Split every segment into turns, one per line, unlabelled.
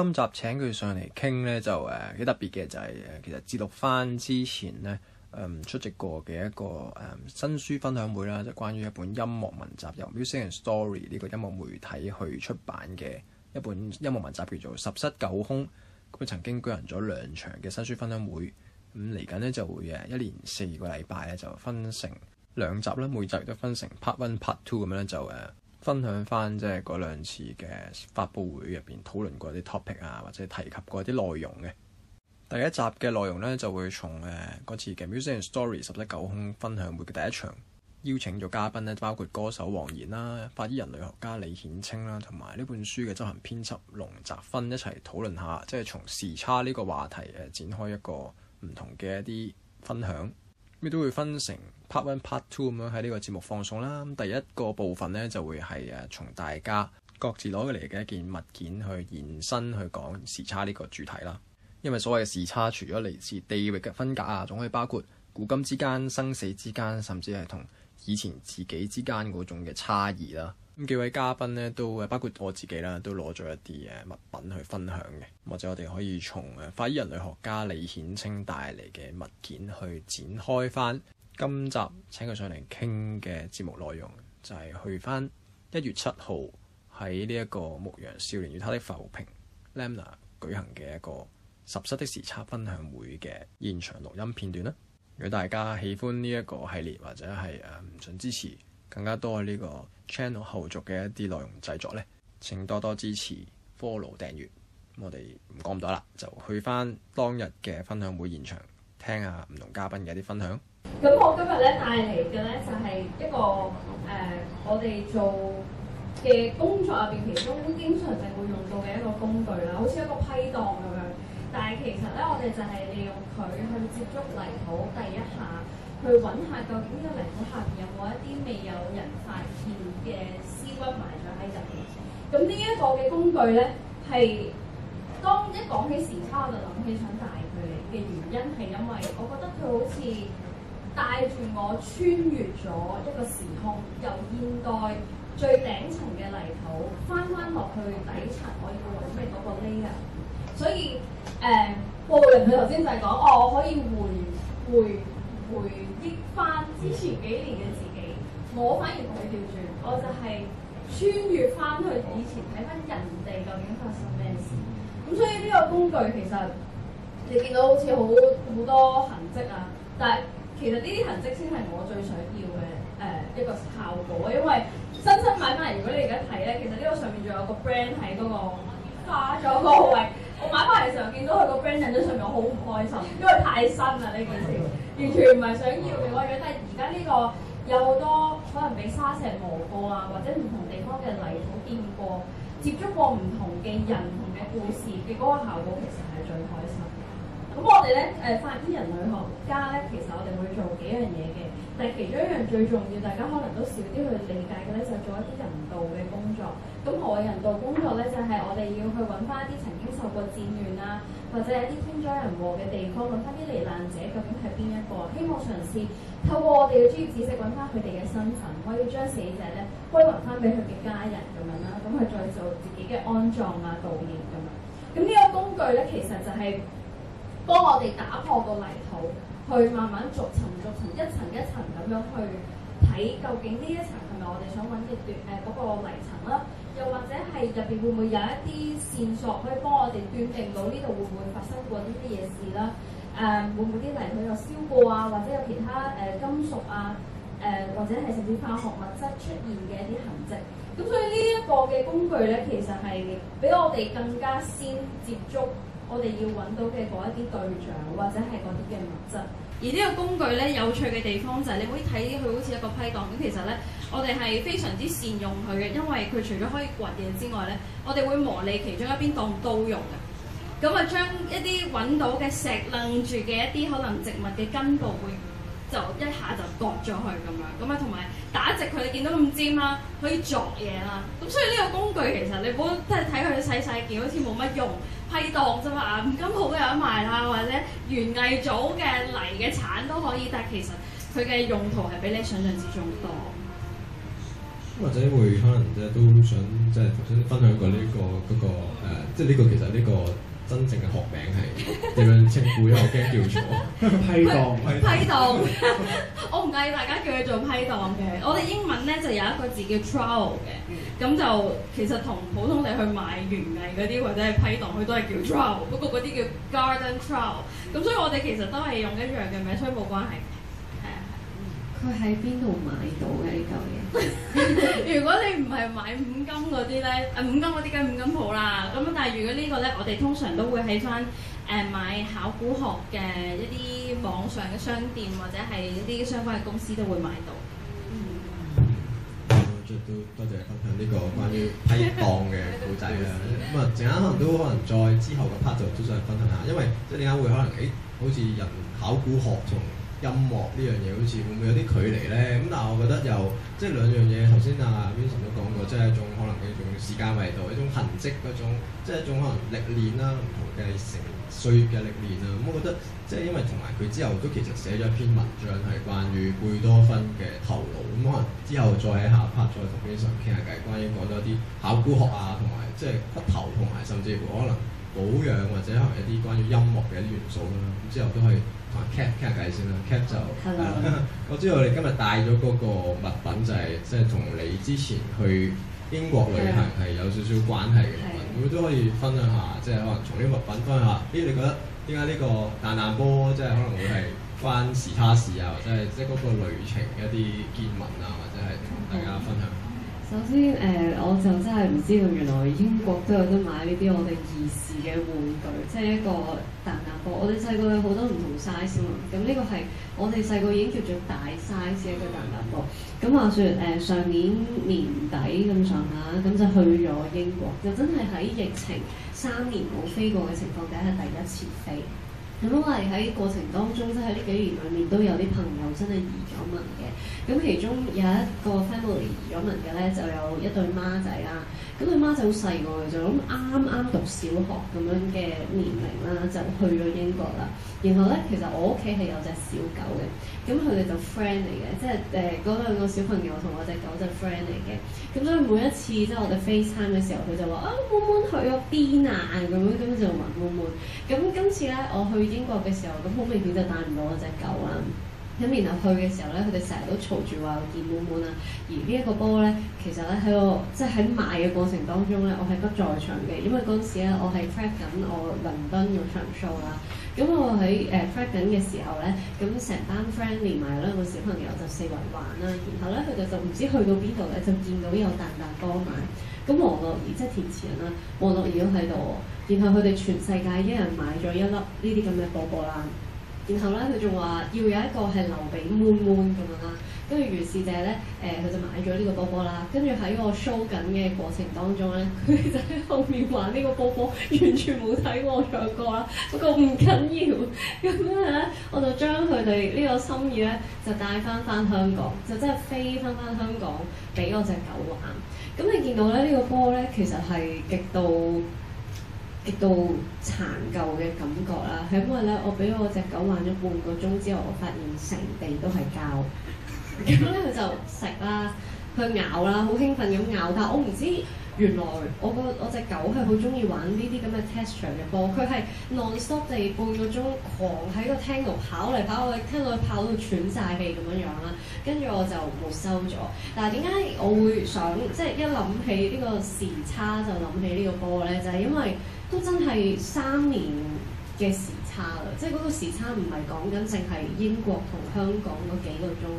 今集請佢上嚟傾呢，就誒幾特別嘅，就係、是、誒其實節錄翻之前咧誒、嗯、出席過嘅一個誒、嗯、新書分享會啦，就是、關於一本音樂文集，由 Music and Story 呢個音樂媒體去出版嘅一本音樂文集，叫做《十室久空》。咁曾經舉行咗兩場嘅新書分享會，咁嚟緊呢，就會誒一連四個禮拜咧就分成兩集啦，每集都分成 Part One、Part Two 咁樣咧就誒。啊分享翻即係嗰兩次嘅發佈會入邊討論過啲 topic 啊，或者提及過啲內容嘅。第一集嘅內容呢，就會從誒嗰次嘅《Music and Story》十室久空分享會嘅第一場，邀請咗嘉賓咧，包括歌手黃妍啦、法醫人類學家李衍菁啦，同埋呢本書嘅執行編輯瀧澤勳一齊討論下，即係從時差呢個話題誒、呃、展開一個唔同嘅一啲分享。咁都會分成 part one、part two 咁樣喺呢個節目放送啦。咁第一個部分呢，就會係誒從大家各自攞過嚟嘅一件物件去延伸去講時差呢個主題啦。因為所謂時差，除咗嚟自地域嘅分隔啊，仲可以包括古今之間、生死之間，甚至係同以前自己之間嗰種嘅差異啦。咁幾位嘉賓呢都誒，包括我自己啦，都攞咗一啲誒物品去分享嘅。或者我哋可以從誒法醫人類學家李衍菁帶嚟嘅物件去展開翻今集請佢上嚟傾嘅節目內容，就係、是、去翻一月七號喺呢一個牧羊少年與他的浮萍《Lambna》舉行嘅一個十室的時差分享會嘅現場錄音片段啦。如果大家喜歡呢一個系列或者係誒唔准支持，更加多呢個 channel 後續嘅一啲內容製作咧，請多多支持 follow 訂閱。我哋唔講咁多啦，就去翻當日嘅分享會現場聽下唔同嘉賓嘅一啲分享。
咁我今日咧帶嚟嘅咧就係、是、一個誒、呃，我哋做嘅工作入邊其中經常性會用到嘅一個工具啦，好似一個批檔咁樣。但係其實咧，我哋就係利用佢去接觸泥土第一下。去揾下究竟呢個泥土下邊有冇一啲未有人發現嘅屍骨埋咗喺入邊？咁呢一個嘅工具咧，係當一講起時差，我就諗起想帶佢嚟嘅原因係因為我覺得佢好似帶住我穿越咗一個時空，由現代最頂層嘅泥土翻翻落去底層，我要揾嘅嗰個 layer。所以誒，過路人佢頭先就係講，哦，我可以回回回。翻之前幾年嘅自己，我反而同佢調轉，我就係穿越翻去以前睇翻人哋究竟發生咩事。咁所以呢個工具其實你見到好似好好多痕跡啊，但係其實呢啲痕跡先係我最想要嘅誒一個效果，因為新新買翻嚟，如果你而家睇咧，其實呢個上面仲有個 brand 喺嗰、嗰個花咗個位。 我買翻嚟時候見到佢個 brand 印咗上面，我好唔開心，因為太新啦呢件事。 完全唔係想要嘅嗰個樣，但係而家呢個有好多可能畀沙石磨過啊，或者唔同地方嘅泥土見過，接觸過唔同嘅人同嘅故事嘅嗰個效果，其實係最開心。咁我哋咧誒法醫人類學家咧，其實我哋會做幾樣嘢嘅。但誒，其中一樣最重要，大家可能都少啲去理解嘅咧，就係、做一啲人道嘅工作。咁何謂人道工作咧？就係、是、我哋要去揾翻一啲曾經受過戰亂啊，或者係啲天災人禍嘅地方，揾翻啲罹難者究竟係邊一個？希望嘗試透過我哋嘅專業知識揾翻佢哋嘅身份，可以將死者咧歸還翻俾佢嘅家人咁樣啦、啊。咁佢、啊、再做自己嘅安葬啊、悼念咁樣。咁呢個工具咧，其實就係、是。幫我哋打破個泥土，去慢慢逐層逐層一層一層咁樣去睇，究竟呢一層係咪我哋想搵嘅段誒嗰、呃那個泥層啦、啊？又或者係入邊會唔會有一啲線索，可以幫我哋斷定到呢度會唔會發生過啲乜嘢事啦、啊？誒、呃、會唔會啲泥土有燒過啊？或者有其他誒、呃、金屬啊誒、呃、或者係甚至化學物質出現嘅一啲痕跡？咁所以呢一個嘅工具咧，其實係比我哋更加先接觸。我哋要揾到嘅嗰一啲對象，或者係嗰啲嘅物質，而呢個工具咧有趣嘅地方就係、是、你可以睇佢好似一個批檔，咁其實咧，我哋係非常之善用佢嘅，因為佢除咗可以掘嘢之外咧，我哋會磨利其中一邊當刀用嘅。咁啊，將一啲揾到嘅石楞住嘅一啲可能植物嘅根部會。就一下就割咗去咁樣，咁啊同埋打直佢，你見到咁尖啦，可以作嘢啦。咁所以呢個工具其實你唔好即係睇佢細細件，好似冇乜用，批檔啫嘛。五金鋪都有得賣啦，或者園藝組嘅泥嘅鏟都可以，但係其實佢嘅用途係比你想象之中
多。或者會可能即係都想即係頭先分享過呢個嗰個、呃、即係呢個其實呢個。真正嘅學名係點樣稱呼？因我驚叫錯批檔，批
檔。 我唔介意大家叫佢做批檔嘅。我哋英文咧就有一個字叫 trowel 嘅，咁就其實同普通你去買園藝嗰啲或者係批檔，
佢都係叫 trowel。
不過嗰啲叫 garden trowel。咁所以我哋其實都係用一樣嘅名，所以冇關係。佢喺邊度買到嘅呢嚿嘢？如果你唔係買五金嗰啲咧，誒五金嗰啲梗係五金鋪啦。咁但係如果呢個咧，我哋通常都會喺翻誒買考古學嘅
一啲網上嘅商店，或者係一啲相關嘅公司都會買到。嗯。都多謝分享呢個關於批檔嘅故仔啦。咁啊，陣間可能都可能再之後嘅 part 就都想分享下，因為即係點解會可能誒，好似入考古學同。音樂呢樣嘢好似會唔會有啲距離咧？咁但係我覺得又即係兩樣嘢。頭先阿 Vincent 都講過，即係一種可能嘅一種時間味道，一種痕跡嗰種，即係一種可能歷練啦，唔同嘅成歲月嘅歷練啊。咁我覺得即係因為同埋佢之後都其實寫咗一篇文章係關於貝多芬嘅頭腦，咁可能之後再喺下一 part 再同 Vincent 傾下偈，關於講多啲考古學啊，同埋即係骨頭同埋甚至乎可能保養或者可能一啲關於音樂嘅一啲元素啦。咁之後都係。啊，Cap 傾下偈先啦。Cap 就，oh, hello. 啊、我知道你今日帶咗嗰個物品就係即係同你之前去英國旅行係、mm hmm. 有少少關係嘅物品。咁都、mm hmm. 可以分享下，即係可能從呢個物品分享下。咦，你覺得點解呢個彈彈波即係可能會係關時差事啊，或者係即係嗰個旅程一啲見聞啊，或者係？
首先誒、呃，我就真係唔知道。原來英國都有得買呢啲我哋兒時嘅玩具，即係一個彈彈波。我哋細個有好多唔同 size 嘛，咁呢個係我哋細個已經叫做大 size 一個彈彈波。咁話說誒、呃，上年年底咁上下，咁就去咗英國，就真係喺疫情三年冇飛過嘅情況底下第一次飛。咁因為喺過程當中，即係呢幾年裏面都有啲朋友真係移咗民嘅。咁其中有一個 family 移咗民嘅咧，就有一對孖仔啦。咁佢孖仔好細個嘅就咁啱啱讀小學咁樣嘅年齡啦，就去咗英國啦。然後咧，其實我屋企係有隻小狗嘅。咁佢哋就 friend 嚟嘅，即係誒嗰兩個小朋友同我隻狗就 friend 嚟嘅。咁所以每一次即係我哋 face time 嘅時候，佢就話：啊，悶悶去咗邊啊？咁樣咁就問悶悶。咁今次咧，我去。英國嘅時候，咁好明顯就帶唔到我隻狗啊，咁然後去嘅時候咧，佢哋成日都嘈住話見滿滿啊。而呢一個波咧，其實咧喺我即係喺賣嘅過程當中咧，我係不在場嘅，因為嗰陣時咧我係 f r e c k 緊我倫敦嘅場 show 啦。咁我喺誒 check 緊嘅時候咧，咁成班 friend 連埋兩個小朋友就四圍玩啦。然後咧，佢哋就唔知去到邊度咧，就見到有彈彈波買。咁王樂儀即係填詞人啦，王樂儀都喺度。然後佢哋全世界一人買咗一粒呢啲咁嘅波波啦。然後咧，佢仲話要有一個係留俾悶悶咁樣啦。跟住如是者咧，誒、呃、佢就買咗呢個波波啦。跟住喺我 show 緊嘅過程當中咧，佢就喺後面玩呢個波波，完全冇睇我唱歌啦。不過唔緊要咁咧，我就將佢哋呢個心意咧就帶翻翻香港，就真係飛翻翻香港俾我隻狗玩。咁你見到咧呢、這個波咧，其實係極度～直到殘舊嘅感覺啦，係因為咧，我俾我隻狗玩咗半個鐘之後，我發現成地都係膠，咁 咧就食啦，佢咬啦，好興奮咁咬，但係我唔知原來我，我個我隻狗係好中意玩呢啲咁嘅 texture 嘅波，佢係 non-stop 地半個鐘狂喺個廳度跑嚟跑去，廳度跑到喘晒氣咁樣樣啦，跟住我就冇收咗。但係點解我會想即係、就是、一諗起呢個時差就諗起呢個波咧？就係、就是、因為。都真係三年嘅時差啦，即係嗰個時差唔係講緊淨係英國同香港幾個鐘，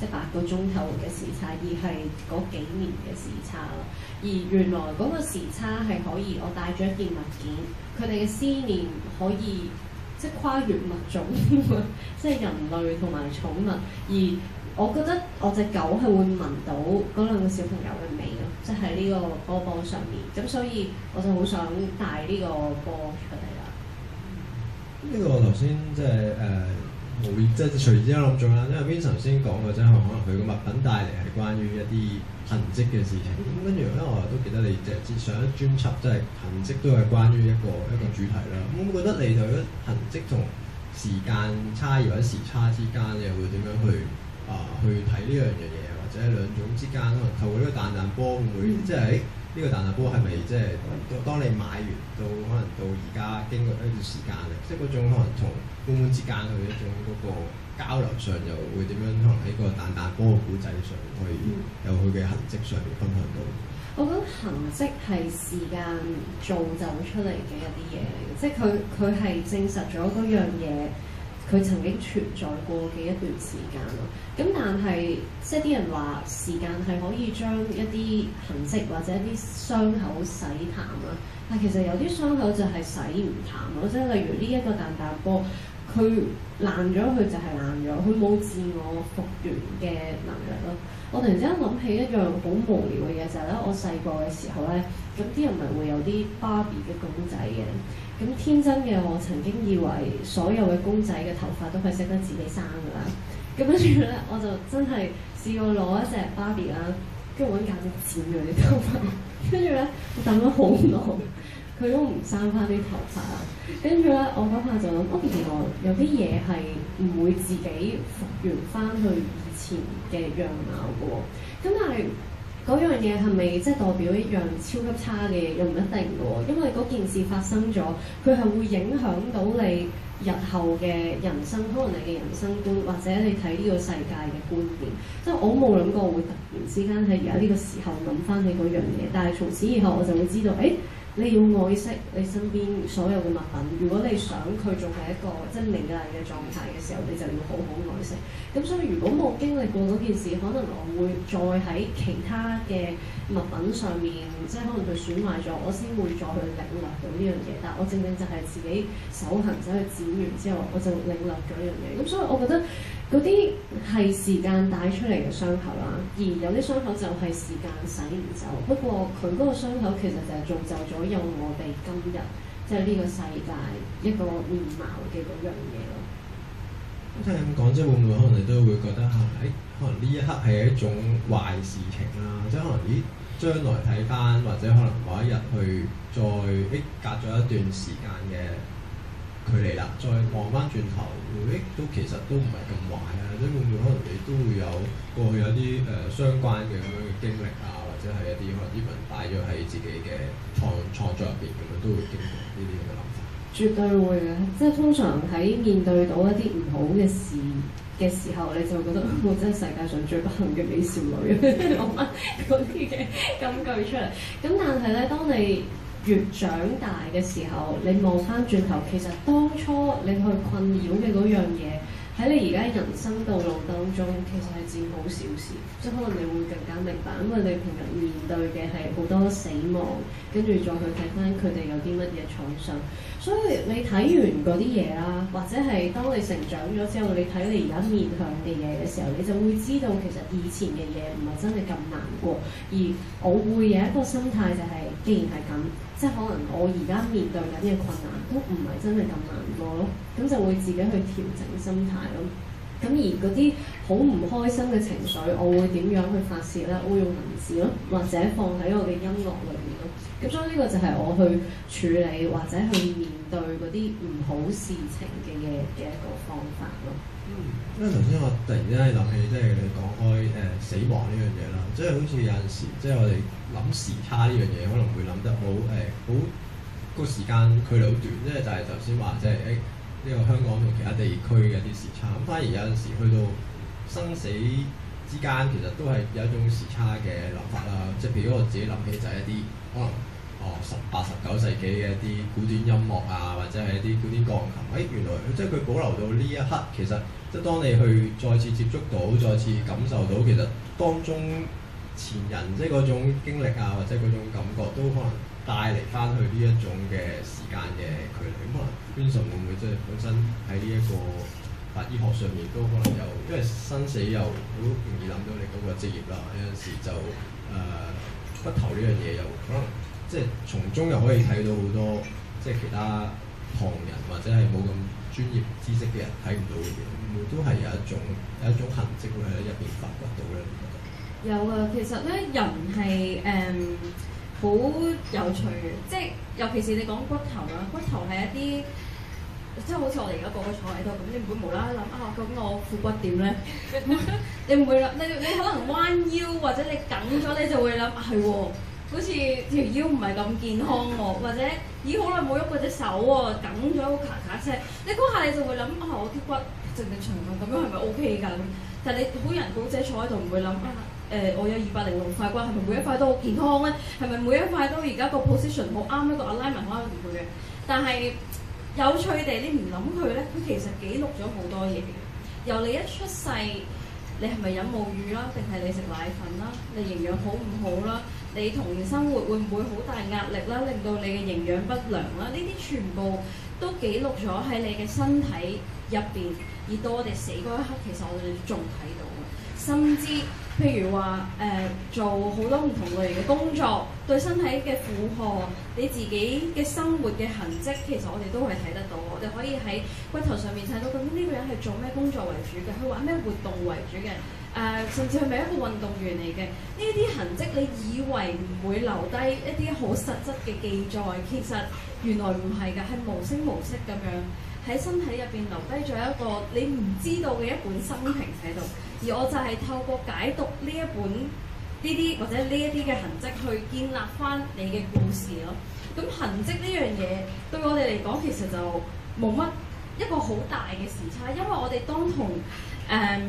即係八個鐘頭嘅時差，而係幾年嘅時差啦。而原來嗰個時差係可以我帶咗一件物件，佢哋嘅思念可以即係、就是、跨越物種，即 係人類同埋寵物。而我覺得我隻狗係會聞到嗰兩個小朋友嘅味咯。即
係呢個波波上面，咁所以我就好想帶呢個波出嚟啦。呢個頭先即係誒無意，即係隨之一諗咗啦，因為 Vincent 先講過，真係可能佢個物品帶嚟係關於一啲痕迹嘅事情。咁跟住咧，我都記得你即係上一專輯即係、就是、痕迹都係關於一個、嗯、一個主題啦。咁我覺得你就嗰痕迹同時間差異或者時差之間，你會點樣去啊、嗯呃、去睇呢樣嘢？就係兩種之間可能透過呢個彈彈波會，會、嗯、即係誒呢個彈彈波係咪即係當你買完到可能到而家經過一段時間咧，即係嗰種可能同官官之間佢一種嗰個交流上又會點樣？可能喺個彈彈波嘅古仔上，去有佢嘅痕跡上面分享到。
我覺得痕跡係時間造就出嚟嘅一啲嘢嚟嘅，即係佢佢係證實咗嗰樣嘢。嗯佢曾經存在過嘅一段時間咯，咁但係即係啲人話時間係可以將一啲痕跡或者一啲傷口洗淡啦，但其實有啲傷口就係洗唔淡咯，即係例如呢一個彈彈波。佢爛咗，佢就係爛咗，佢冇自我復原嘅能力咯。我突然之間諗起一樣好無聊嘅嘢就係咧，我細個嘅時候咧，咁啲人咪會有啲芭比嘅公仔嘅。咁天真嘅我曾經以為所有嘅公仔嘅頭髮都係識得自己生㗎啦。咁跟住咧，我就真係試過攞一隻芭比啦，跟住揾剪刀剪佢啲頭髮，跟住咧，我等咗好耐。佢都唔生翻啲頭髮啦，跟住咧，我嗰下就諗：我原來有啲嘢係唔會自己復原翻去以前嘅樣貌嘅喎。咁但係嗰樣嘢係咪即係代表一樣超級差嘅？又唔一定嘅喎，因為嗰件事發生咗，佢係會影響到你日後嘅人生，可能你嘅人生觀或者你睇呢個世界嘅觀點。即係我冇諗過會突然之間喺而家呢個時候諗翻起嗰樣嘢，但係從此以後我就會知道，誒、哎。你要愛惜你身邊所有嘅物品。如果你想佢仲係一個即係靚嘅狀態嘅時候，你就要好好愛惜。咁所以如果冇經歷過嗰件事，可能我會再喺其他嘅物品上面即係可能佢損壞咗，我先會再去領略到呢樣嘢。但係我正正就係自己手痕走去剪完之後，我就領略咗呢樣嘢。咁、嗯、所以我覺得嗰啲係時間帶出嚟嘅傷口啦，而有啲傷口就係時間洗唔走。不過佢嗰個傷口其實就係造就咗有我哋今日即係呢個世界一個面貌嘅嗰樣嘢咯。咁
講即係會唔會可能你都會覺得嚇？誒、哎，可能呢一刻係一種壞事情啦，即係可能咦？將來睇翻，或者可能某一日去再誒隔咗一段時間嘅距離啦，再望翻轉頭，會誒都其實都唔係咁壞啊！即係甚至可能你都會有過去有一啲誒、呃、相關嘅咁樣嘅經歷啊，或者係一啲可能 even 大約喺自己嘅創創作入邊咁樣都會經過呢啲咁嘅諗法。
絕對會嘅，即係通常喺面對到一啲唔好嘅事嘅時候，你就覺得我真係世界上最不幸嘅美少女，即係講翻嗰啲嘅金句出嚟。咁但係咧，當你越長大嘅時候，你望翻轉頭，其實當初你去困擾嘅嗰樣嘢，喺你而家人生道路當中，其實係佔好少事，即係可能你會更加明白，因為你平日面對嘅係好多死亡，跟住再去睇翻佢哋有啲乜嘢創傷。所以你睇完嗰啲嘢啦，或者係當你成長咗之後，你睇你而家面向嘅嘢嘅時候，你就會知道其實以前嘅嘢唔係真係咁難過，而我會有一個心態就係、是、既然係咁。即係可能我而家面對緊嘅困難都唔係真係咁難過咯，咁就會自己去調整心態咯。咁而嗰啲好唔開心嘅情緒，我會點樣去發泄咧？我會用文字咯，或者放喺我嘅音樂裏面咯。咁所以呢個就係我去處理或者去面對嗰啲唔好事情嘅嘢嘅一個方法咯。
因為頭先我突然之間諗起，即係你講開誒死亡呢樣嘢啦，即係好似有陣時，即係我哋諗時差呢樣嘢，可能會諗得好誒，好個時間距離好短，即係就係頭先話即係誒呢個香港同其他地區嘅啲時差。咁反而有陣時去到生死之間，其實都係有一種時差嘅諗法啦。即係譬如我自己諗起就係一啲可能哦十八十九世紀嘅一啲古典音樂啊，或者係一啲古典鋼琴，誒原來即係佢保留到呢一刻，其實。即係當你去再次接觸到、再次感受到，其實當中前人即係嗰種經歷啊，或者嗰種感覺，都可能帶嚟翻去呢一種嘅時間嘅距離。咁、嗯、可能 Vinson 會唔會即係本身喺呢一個法醫學上面都可能有，因為生死又好容易諗到你嗰個職業啦。有陣時就誒骨頭呢樣嘢又可能即係從中又可以睇到好多即係其他旁人或者係冇咁專業知識嘅人睇唔到嘅嘢。都係有一種有一種痕跡會喺入邊發掘到咧，
有啊！其實咧人係誒好有趣嘅，即係尤其是你講骨頭啊。骨頭係一啲即係好似我哋而家個個坐喺度，咁你唔會無啦啦諗啊，咁我副骨點咧？你唔會諗，你你可能彎腰或者你梗咗，你就會諗係喎，好似條腰唔係咁健康喎、哦，或者咦好耐冇喐過隻手喎、哦，梗咗咔咔聲，你嗰下你就會諗啊我啲骨。正常啊咁樣係咪 OK 㗎？咁但係你好人好者坐喺度唔會諗誒，我有二百零六塊骨係咪每一塊都好健康咧？係咪每一塊都而家個 position 好啱一個 alignment 啦？唔會嘅。但係有趣地，你唔諗佢咧，佢其實記錄咗好多嘢嘅。由你一出世，你係咪飲母乳啦，定係你食奶粉啦？你營養好唔好啦？你童年生活會唔會好大壓力啦？令到你嘅營養不良啦？呢啲全部都記錄咗喺你嘅身體。入邊，而到我哋死嗰一刻，其實我哋仲睇到嘅。甚至譬如話誒、呃、做好多唔同類型嘅工作，對身體嘅負荷，你自己嘅生活嘅痕跡，其實我哋都係睇得到。我哋可以喺骨頭上面睇到，究竟呢個人係做咩工作為主嘅，佢玩咩活動為主嘅，誒、呃、甚至係咪一個運動員嚟嘅？呢啲痕跡，你以為唔會留低一啲好實質嘅記載，其實原來唔係嘅，係無聲無息咁樣。喺身體入邊留低咗一個你唔知道嘅一本生平喺度，而我就係透過解讀呢一本呢啲或者呢一啲嘅痕跡去建立翻你嘅故事咯。咁痕跡呢樣嘢對我哋嚟講其實就冇乜一個好大嘅時差，因為我哋當同誒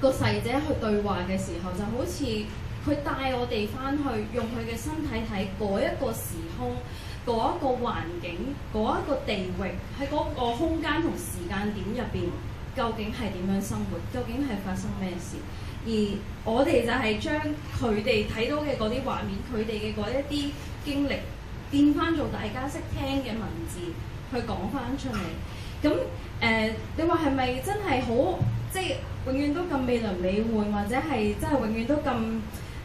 個逝者去對話嘅時候，就好似佢帶我哋翻去用佢嘅身體睇嗰一個時空。嗰一個環境，嗰一個地域喺嗰個空間同時間點入邊，究竟係點樣生活？究竟係發生咩事？而我哋就係將佢哋睇到嘅嗰啲畫面，佢哋嘅嗰一啲經歷，變翻做大家識聽嘅文字去講翻出嚟。咁誒，uh, 你話係咪真係好即係、就是、永遠都咁未能理會，或者係真係永遠都咁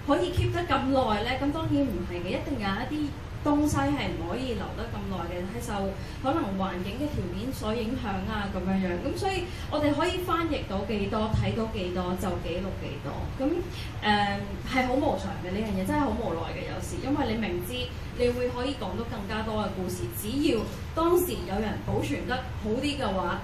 可以 keep 得咁耐呢？咁當然唔係嘅，一定有一啲。東西係唔可以留得咁耐嘅，係受可能環境嘅條件所影響啊，咁樣樣，咁所以我哋可以翻譯到幾多，睇到幾多就記錄幾多，咁誒係好無常嘅呢樣嘢，人人真係好無奈嘅有時，因為你明知你會可以講到更加多嘅故事，只要當時有人保存得好啲嘅話，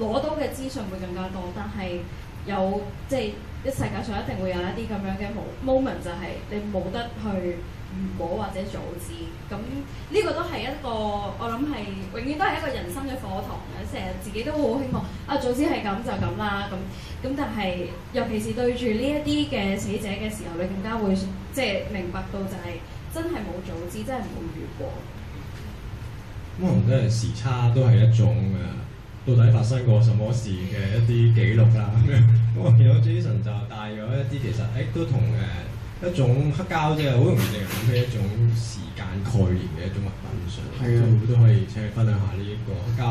攞到嘅資訊會更加多，但係有即係啲世界上一定會有一啲咁樣嘅 moment，就係你冇得去。如果或者早知咁呢個都係一個，我諗係永遠都係一個人生嘅課堂嘅。成日自己都好希望啊，早知係咁就咁啦。咁咁但係，尤其是對住呢一啲嘅死者嘅時候，你更加會即係明白到就係真係冇早知，真係冇遇過。
可能真係時差，都係一種誒，到底發生過什麼事嘅一啲記錄啦、啊。咁 我見到 Jason 就帶咗一啲，其實誒都同誒。一種黑膠啫，好容易令人諗起一種時間概念嘅一種物品上，係啊，都可以即係分享下呢一個黑膠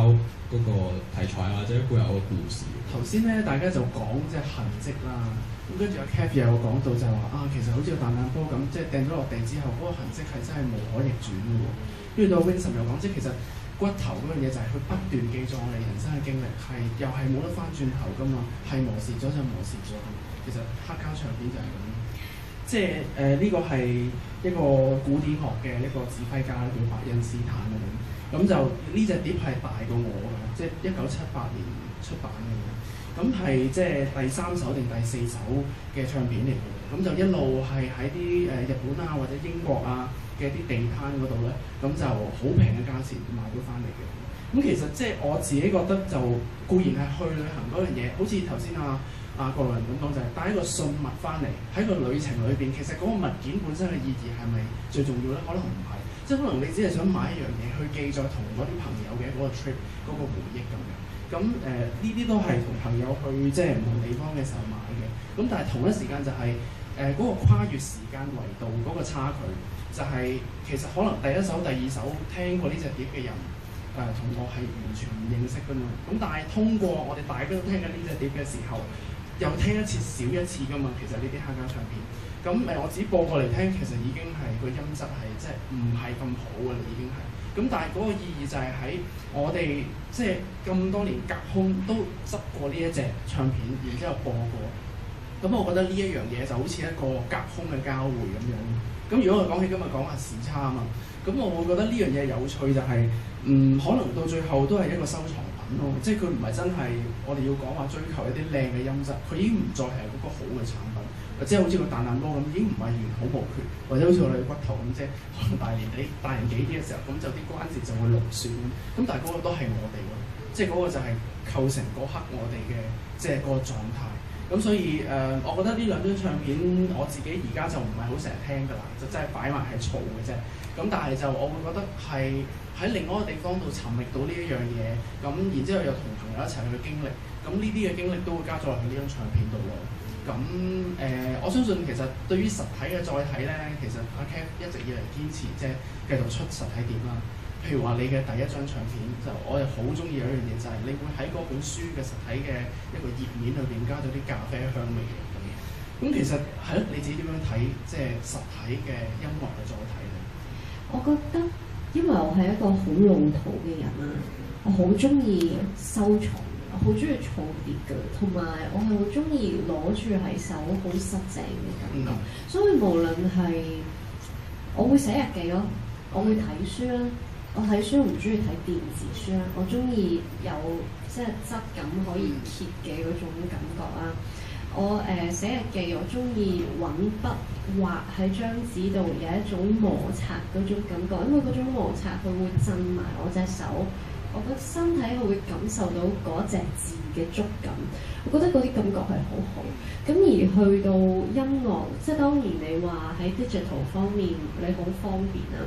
嗰個題材啊，或者一個背後嘅故事？頭先咧，大
家就講即係痕跡啦，咁跟住阿 Kathy 有講到就話啊，其實好似個彈彈波咁，即係掟咗落地之後，嗰個痕跡係真係無可逆轉嘅喎。跟住到 Vincent 又講，即係其實骨頭嗰樣嘢就係佢不斷記載我哋人生嘅經歷，係又係冇得翻轉頭噶嘛，係磨蝕咗就磨蝕咗。其實黑膠唱片就係咁。即係誒呢個係一個古典學嘅一個指揮家叫伯恩斯坦嘅咁，咁就呢隻碟係大過我嘅，即係一九七八年出版嘅，咁係即係第三首定第四首嘅唱片嚟嘅，咁就一路係喺啲誒日本啊或者英國啊嘅啲地攤嗰度咧，咁就好平嘅價錢買到返嚟嘅，咁其實即係我自己覺得就固然係去旅行嗰樣嘢，好似頭先啊。啊！個人咁講就係帶一個信物翻嚟，喺個旅程裏邊，其實嗰個物件本身嘅意義係咪最重要咧？可能唔係，即係可能你只係想買一樣嘢去記載同嗰啲朋友嘅嗰個 trip 嗰個回憶咁樣。咁誒呢啲都係同朋友去即係唔同地方嘅時候買嘅。咁、嗯、但係同一時間就係誒嗰個跨越時間、維度嗰個差距、就係，就係其實可能第一首、第二首聽過呢隻碟嘅人誒、呃，同我係完全唔認識㗎嘛。咁、嗯、但係通過我哋大家都聽緊呢隻碟嘅時候。有聽一次少一次㗎嘛，其實呢啲黑膠唱片，咁誒我自己播過嚟聽，其實已經係個音質係即係唔係咁好㗎啦，已經係。咁但係嗰個意義就係喺我哋即係咁多年隔空都執過呢一隻唱片，然之後播過。咁我覺得呢一樣嘢就好似一個隔空嘅交匯咁樣。咁如果我講起今日講下時差啊嘛，咁我會覺得呢樣嘢有趣就係、是，唔、嗯、可能到最後都係一個收藏。嗯、即係佢唔係真係，我哋要講話追求一啲靚嘅音質，佢已經唔再係嗰個好嘅產品，或者好似個彈彈歌咁，已經唔係完好無缺，或者好似我哋嘅骨頭咁，即係可能大年紀、大年紀啲嘅時候，咁就啲關節就會勞損咁。但係嗰個都係我哋喎，即係嗰個就係構成嗰刻我哋嘅即係個狀態。咁所以誒、呃，我覺得呢兩張唱片我自己而家就唔係好成日聽㗎啦，就真係擺埋係嘈嘅啫。咁但係就我會覺得係喺另外一個地方度尋覓到呢一樣嘢，咁然之後又同朋友一齊去經歷，咁呢啲嘅經歷都會加載喺呢張唱片度喎。咁誒、呃，我相信其實對於實體嘅載體咧，其實阿 k a p 一直以嚟堅持即係繼續出實體店啦。譬如話，你嘅第一張唱片就，我又好中意有一樣嘢，就係、是、你會喺嗰本書嘅實體嘅一個頁面裏邊加咗啲咖啡香味嘅嘢。咁其實係咯，嗯、你自己點樣睇即係實體嘅音樂嘅載體咧？
我覺得，因為我係一個好老土嘅人啦，我好中意收藏，我好中意儲碟㗎，同埋我係好中意攞住喺手好實淨嘅感覺。嗯、所以無論係我會寫日記咯，我會睇書啦。我睇書唔中意睇電子書啦，我中意有即係質感可以揭嘅嗰種感覺啦。我誒、呃、寫日記，我中意揾筆畫喺張紙度有一種摩擦嗰種感覺，因為嗰種摩擦佢會震埋我隻手，我覺得身體會感受到嗰隻字嘅觸感，我覺得嗰啲感覺係好好。咁而去到音樂，即係當然你話喺 digital 方面你好方便啦。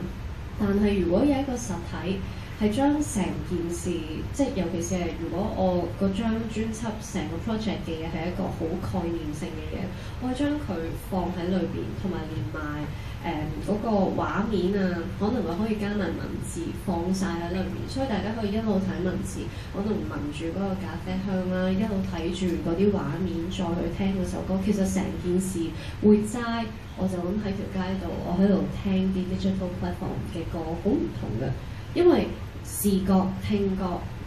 但係，如果有一個實體係將成件事，即係尤其是係，如果我嗰張專輯成個 project 嘅嘢係一個好概念性嘅嘢，我將佢放喺裏邊，同埋連埋。誒嗰個畫面啊，可能我可以加埋文字放晒喺裏面，所以大家可以一路睇文字，可能聞住嗰個咖啡香啊，一路睇住嗰啲畫面，再去聽嗰首歌。其實成件事會齋，我就咁喺條街度，我喺度聽啲 digital platform 嘅歌，好唔同㗎。因為視覺、聽覺、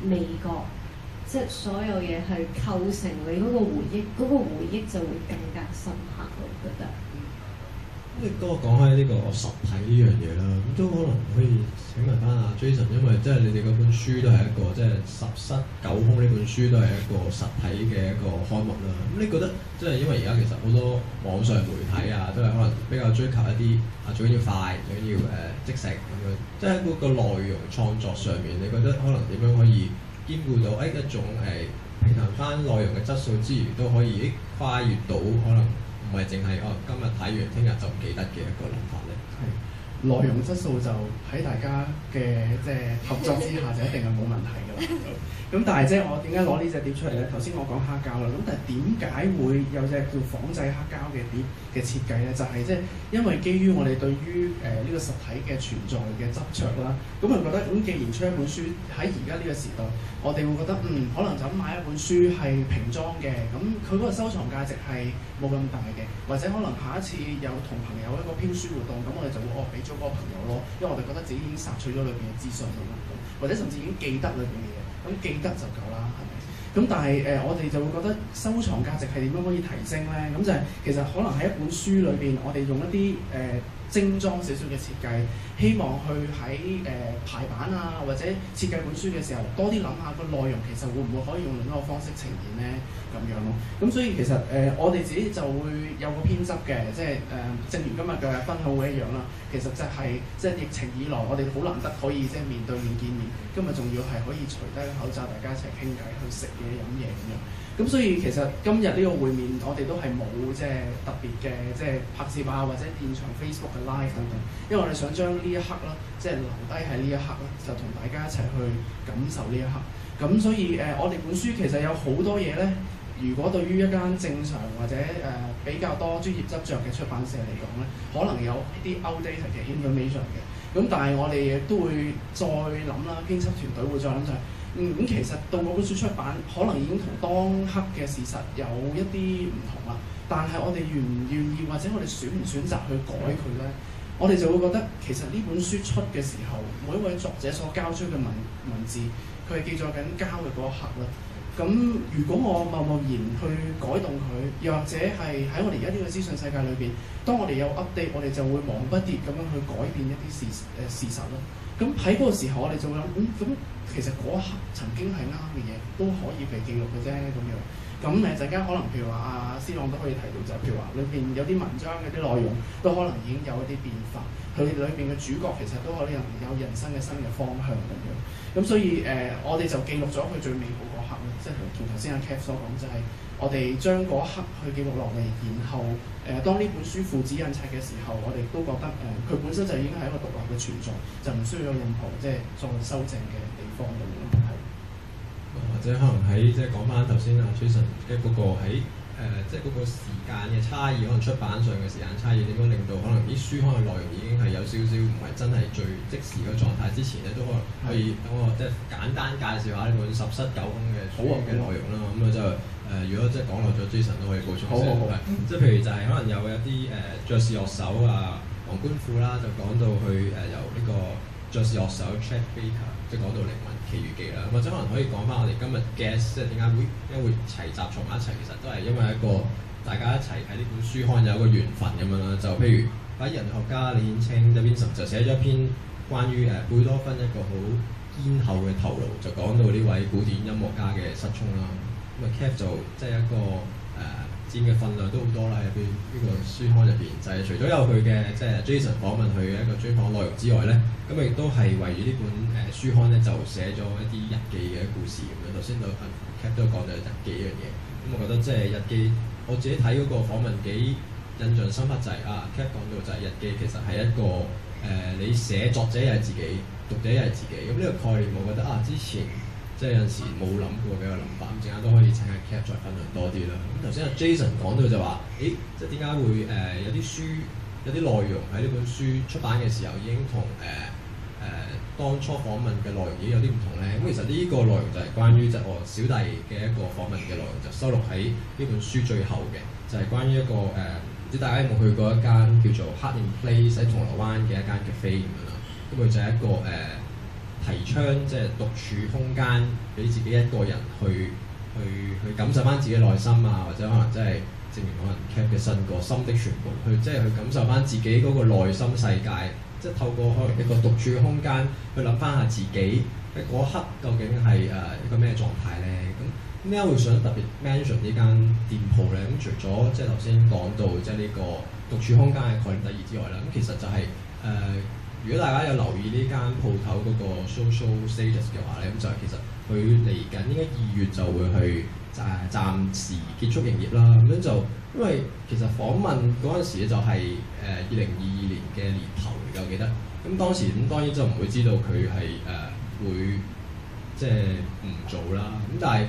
味覺，即係所有嘢係構成你嗰個回憶，嗰個回憶就會更加深刻，我覺得。
咁你當我講開呢個實體呢樣嘢啦，咁都可能可以請問翻阿 Jason，因為即係你哋嗰本書都係一個即係十室久空呢本書都係一個實體嘅一個刊物啦。咁你覺得即係因為而家其實好多網上媒體啊，都係可能比較追求一啲啊，最緊要快，最緊要誒、呃、即食咁樣。即係喺個內容創作上面，你覺得可能點樣可以兼顧到一、哎、一種誒平衡翻內容嘅質素之餘，都可以跨越到可能？唔係淨係哦，今日睇完，聽日就唔記得嘅一個
諗法。內容質素就喺大家嘅即係合作之下就一定係冇問題㗎啦。咁、 嗯、但係即係我點解攞呢隻碟出嚟咧？頭先我講黑膠啦，咁但係點解會有隻叫仿製黑膠嘅碟嘅設計咧？就係即係因為基於我哋對於誒呢、呃呢個實體嘅存在嘅執著啦。咁我覺得咁既然出一本書喺而家呢個時代，我哋會覺得嗯可能就咁買一本書係平裝嘅，咁佢嗰個收藏價值係冇咁大嘅，或者可能下一次有同朋友一個編書活動，咁我哋就會做嗰個朋友咯，因為我哋覺得自己已經吸取咗裏邊嘅資訊就夠，或者甚至已經記得裏邊嘅嘢，咁記得就夠啦，係咪？咁但係誒、呃，我哋就會覺得收藏價值係點樣可以提升咧？咁就係、是、其實可能喺一本書裏邊，我哋用一啲誒、呃精裝少少嘅設計，希望去喺誒、呃、排版啊，或者設計本書嘅時候，多啲諗下個內容其實會唔會可以用另一個方式呈現呢？咁樣咯。咁所以其實誒、呃，我哋自己就會有個編輯嘅，即係誒、呃，正如今日嘅分享會一樣啦。其實就係、係、即係疫情以來，我哋好難得可以即係面對面見面。今日仲要係可以除低口罩，大家一齊傾偈，去食嘢飲嘢咁樣。咁所以其實今日呢個會面，我哋都係冇即係特別嘅，即係拍攝啊，或者現場 Facebook 嘅。l 等等，因為我哋想將呢一刻啦，即係留低喺呢一刻啦，就同大家一齊去感受呢一刻。咁所以誒、呃，我哋本書其實有好多嘢咧，如果對於一間正常或者誒、呃、比較多專業執着嘅出版社嚟講咧，可能有啲 outdated 嘅欠缺美尚嘅。咁但係我哋都會再諗啦，編輯團隊會再諗就係，嗯，咁其實到我本書出版，可能已經同當刻嘅事實有一啲唔同啦。但係我哋願唔願意，或者我哋選唔選擇去改佢呢？我哋就會覺得其實呢本書出嘅時候，每一位作者所交出嘅文文字，佢係記載緊交嘅嗰一刻啦。咁如果我貿貿然去改動佢，又或者係喺我哋而家呢個資訊世界裏邊，當我哋有 update，我哋就會忙不迭咁樣去改變一啲事、呃、事實啦。咁喺嗰個時候，我哋就會諗：咁、嗯、其實嗰一刻曾經係啱嘅嘢，都可以被記錄嘅啫。咁樣。咁誒陣間，可能譬如話阿司朗都可以提到就譬如話，裏邊有啲文章嗰啲內容都可能已經有一啲變化，佢裏邊嘅主角其實都可能有人生嘅新嘅方向咁樣。咁所以誒、呃，我哋就記錄咗佢最美好嗰刻，即係同頭先阿 c a p 所講就係、是，我哋將嗰刻去記錄落嚟，然後誒、呃、當呢本書父子印刷嘅時候，我哋都覺得誒佢、呃、本身就已經係一個獨立嘅存在，就唔需要有任何即係再修正嘅地方嘅。
即係可能喺即係講翻頭先阿 Jason 即係嗰個喺誒，即係嗰個、呃、個時間嘅差異，可能出版上嘅時間差異，點樣令到可能啲書可能內容已經係有少少唔係真係最即時嘅狀態之前咧，都可能可以是的 等我，即係簡單介紹下呢本十室久空嘅好嘅、啊啊、內容啦。咁啊就誒，如、呃、果即係講落咗 Jason 都可以補充少少嘅。即係譬如就係可能有有啲誒，爵士樂手啊，王冠富啦，就講到去誒由呢個。爵士樂手 Chet Baker，即係講到靈魂奇遇記啦，或者可能可以講翻我哋今日 guest，即係點解會因為齊集坐埋一齊，其實都係因為一個大家一齊喺呢本書看有一個緣分咁樣啦。就譬如喺人學家李衍菁 Winson 就寫咗一篇關於誒、啊、貝多芬一個好堅厚嘅頭顱，就講到呢位古典音樂家嘅失聰啦。咁啊，Cap 就即係一個。嘅份量都好多啦，入邊呢個書刊入邊就係、是、除咗有佢嘅即係 Jason 訪問佢嘅一個專訪內容之外咧，咁亦都係圍繞呢本誒書刊咧就寫咗一啲日記嘅故事咁樣。頭先度 Cap 都講咗日記一樣嘢，咁我覺得即係日記，我自己睇嗰個訪問幾印象深刻就係、是、啊 Cap 講到就係日記其實係一個誒、啊，你寫作者又係自己，讀者又係自己，咁呢個概念我覺得啊，之前。即係有陣時冇諗過嘅一個諗法，咁陣間都可以請阿 Cap 再分享多啲啦。咁頭先阿 Jason 講到就話，誒、欸，即係點解會誒、呃、有啲書、有啲內容喺呢本書出版嘅時候已經同誒誒當初訪問嘅內容已經有啲唔同咧？咁其實呢個內容就係關於就係我小弟嘅一個訪問嘅內容，就收錄喺呢本書最後嘅，就係、是、關於一個誒，唔、呃、知大家有冇去過一間叫做 Hidden Place 喺銅鑼灣嘅一間嘅啡咁樣啦。咁佢就係一個誒。呃提倡即係獨處空間俾自己一個人去去去感受翻自己內心啊，或者可能即係證明可能 keep 嘅身個心的全部，去即係去感受翻自己嗰個內心世界，即係透過可能一個獨處空間去諗翻下自己喺嗰刻究竟係誒、呃、一個咩狀態咧？咁點解會想特別 mention 呢間店鋪咧，咁除咗即係頭先講到即係呢個獨處空間嘅概念第二之外啦，咁其實就係、是、誒。呃如果大家有留意呢間鋪頭嗰個 social status 嘅話咧，咁就其實佢嚟緊應該二月就會去誒暫時結束營業啦。咁樣就因為其實訪問嗰陣時咧就係誒二零二二年嘅年頭，我記得咁當時咁當然就唔會知道佢係誒會即係唔做啦。咁但係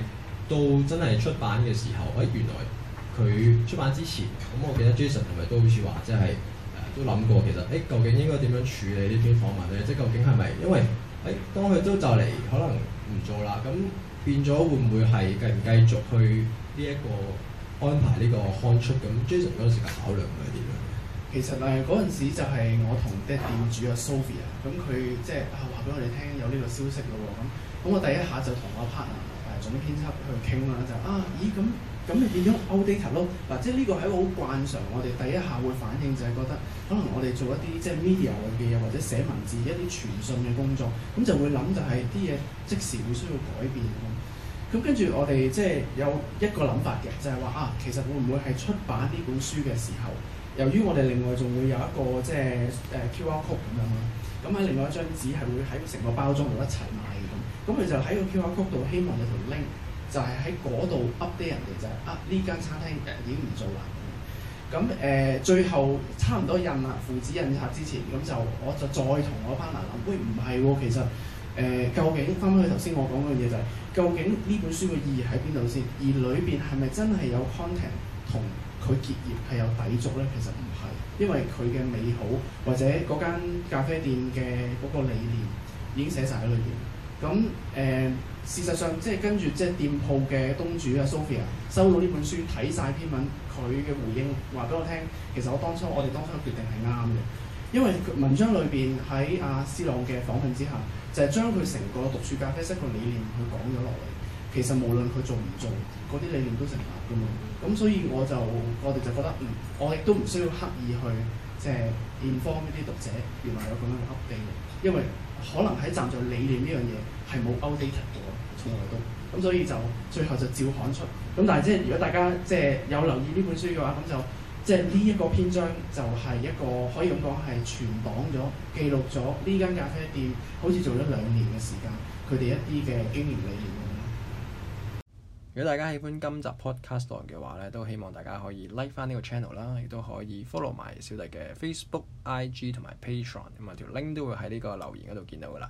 到真係出版嘅時候，哎、呃、原來佢出版之前，咁我記得 Jason 係咪都好似話即係？都諗過其實，誒、欸、究竟應該點樣處理呢篇訪問咧？即係究竟係咪因為誒、欸、當佢都就嚟可能唔做啦，咁變咗會唔會係繼唔繼續去呢一個
安排呢個刊出？咁 Jason 嗰陣時嘅考量係點樣？其實誒嗰陣時就係我同爹店主啊 Sophie 啊，咁佢即係話俾我哋聽有呢個消息咯喎，咁咁我第一下就同我 partner，啊做啲編輯去傾啦，就啊咦咁。咁就變咗 outdated 咯，嗱即係呢個係一個好慣常，我哋第一下會反應就係覺得，可能我哋做一啲即係 media 嘅嘢，或者寫文字一啲傳訊嘅工作，咁就會諗就係啲嘢即時會需要改變咁。咁跟住我哋即係有一個諗法嘅，就係、是、話啊，其實會唔會係出版呢本書嘅時候，由於我哋另外仲會有一個即係誒、呃、QR code 咁樣啦，咁喺另外一張紙係會喺成個包裝度一齊賣嘅咁，咁佢就喺個 QR code 度希望有條 link。就係喺嗰度 update 人哋就係 update 呢間餐廳，人已經唔做啦。咁誒、呃、最後差唔多印啦，父子印刷之前，咁就我就再同我班男諗，喂，唔係喎，其實誒究竟翻返去頭先我講嘅嘢就係，究竟呢、就是、本書嘅意義喺邊度先？而裏邊係咪真係有 content 同佢結業係有抵觸咧？其實唔係，因為佢嘅美好或者嗰間咖啡店嘅嗰個理念已經寫晒喺裏邊。咁誒。呃事實上，即係跟住即係店鋪嘅東主啊，Sophia 收到呢本書，睇晒篇文，佢嘅回應話俾我聽。其實我當初我哋當初嘅決定係啱嘅，因為文章裏邊喺阿斯朗嘅訪問之下，就係、是、將佢成個讀書咖啡室個理念去講咗落嚟。其實無論佢做唔做，嗰啲理念都成立㗎嘛。咁所以我就我哋就覺得，嗯，我亦都唔需要刻意去即係 inform 啲讀者原來有咁樣嘅 update，因為可能喺站在暫理念呢樣嘢係冇 outdated 嘅。從來都咁，所以就最後就照刊出。咁但係即係如果大家即係有留意呢本書嘅話，咁就即係呢一個篇章就係一個可以咁講係存檔咗、記錄咗呢間咖啡店，好似做咗兩年嘅時間，佢哋一啲嘅經營理念咁
咯。如果大家喜歡今集 podcast 嘅話咧，都希望大家可以 like 返呢個 channel 啦，亦都可以 follow 埋小弟嘅 Facebook、IG 同埋 Patreon，咁啊條 link 都會喺呢個留言嗰度見到噶啦。